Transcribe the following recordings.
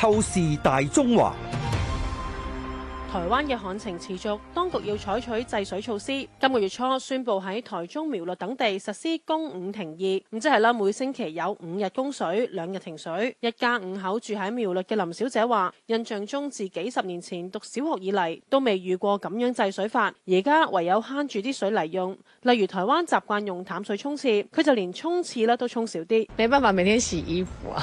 透視大中華，台灣嘅旱情持續，當局要採取制水措施。今個月初宣布喺台中苗栗等地實施公五停二，咁即係啦，每星期有五日供水，兩日停水。一家五口住喺苗栗嘅林小姐話：，印象中自幾十年前讀小學以嚟，都未遇過咁樣制水法，而家唯有慳住啲水嚟用。例如台灣習慣用淡水沖廁，佢就連沖廁咧都沖少啲。冇辦法，每天洗衣服啊！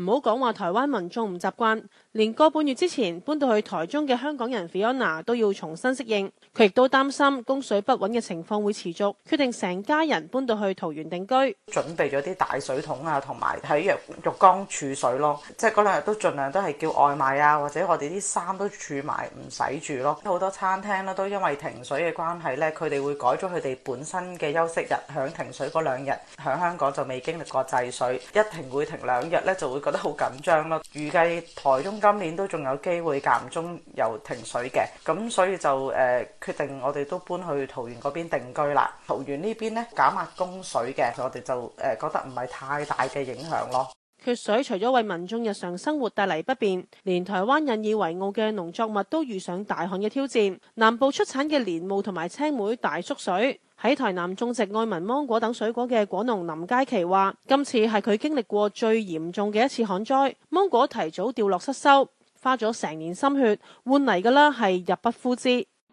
唔好講話台灣民眾唔習慣，連個半月之前搬到去台中嘅香港人 Fiona 都要重新適應。佢亦都擔心供水不穩嘅情況會持續，決定成家人搬到去桃園定居。準備咗啲大水桶啊，同埋喺浴浴缸儲水咯。即係嗰兩日都盡量都係叫外賣啊，或者我哋啲衫都儲埋唔使住咯。好多餐廳咧都因為停水嘅關係呢佢哋會改咗佢哋本身嘅休息日。響停水嗰兩日，響香港就未經歷過制水，一停會停兩日呢就會。覺得好緊張咯，預計台中今年都仲有機會間中有停水嘅，咁所以就誒、呃、決定我哋都搬去桃園嗰邊定居啦。桃園呢邊呢減壓供水嘅，我哋就誒、呃、覺得唔係太大嘅影響咯。缺水除咗為民眾日常生活帶嚟不便，連台灣引以為傲嘅農作物都遇上大旱嘅挑戰。南部出產嘅蓮霧同埋青梅大縮水。喺台南種植愛文芒果等水果嘅果農林佳琪話，今次係佢經歷過最嚴重嘅一次旱災，芒果提早掉落失收，花咗成年心血換嚟噶啦，係入不敷支。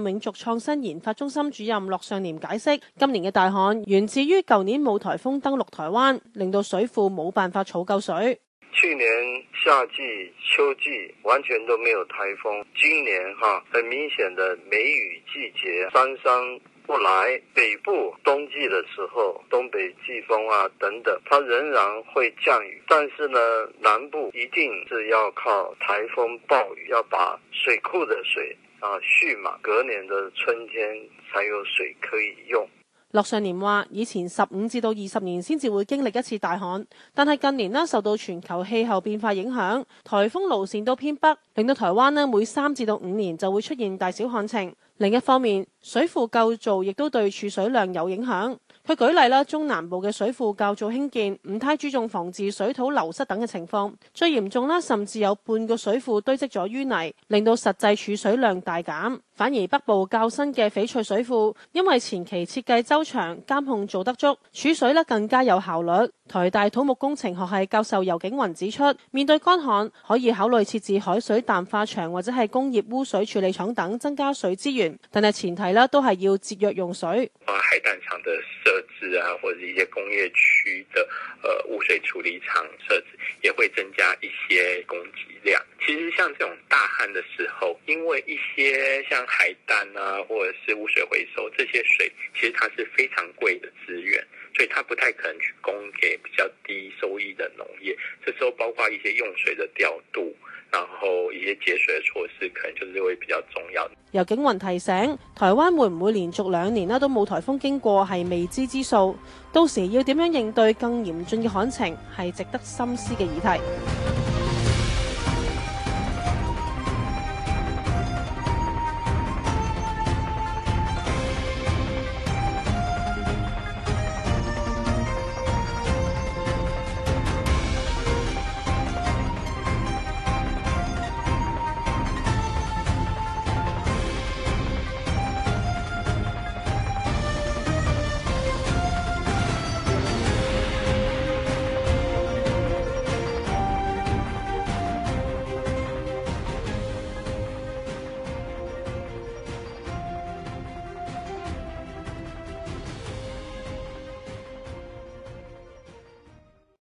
永續創新研發中心主任駱尚廉解釋：今年嘅大旱源自於舊年冇台風登陸台灣，令到水庫冇辦法儲夠水。去年夏季、秋季完全都沒有台風，今年哈很明顯的梅雨季節，山山不來，北部冬季嘅時候東北季風啊等等，它仍然會降雨，但是呢南部一定是要靠台風暴雨要把水庫嘅水。啊，蓄嘛，隔年的春天才有水可以用。駱尚年話：以前十五至到二十年先至會經歷一次大旱，但係近年呢受到全球氣候變化影響，台風路線都偏北，令到台灣呢每三至到五年就會出現大小旱情。另一方面，水庫構造亦都對儲水量有影響。佢舉例啦，中南部嘅水庫較早興建，唔太注重防治水土流失等嘅情況，最嚴重啦，甚至有半個水庫堆積咗淤泥，令到實際儲水量大減。反而北部較新嘅翡翠水庫，因為前期設計周詳，監控做得足，儲水咧更加有效率。台大土木工程學系教授游景雲指出，面對乾旱，可以考慮設置海水淡化廠或者係工業污水處理廠等，增加水資源。但係前提咧，都係要節約用水。或海淡廠的設置啊，或者一些工業區的呃污水處理廠設置，也會增加一些供給量。其實像這種大旱的時候，因為一些像海淡啊，或者是污水回收，這些水其實它是非常貴的資源，所以它不太可能去供給比較低收益的農業。這時候包括一些用水的調度，然後一些節水的措施，可能就是會比較重要。由警云提醒，台灣會唔會連續兩年呢都冇台風經過，係未知之數，到時要點樣應對更嚴峻嘅旱情，係值得深思嘅議題。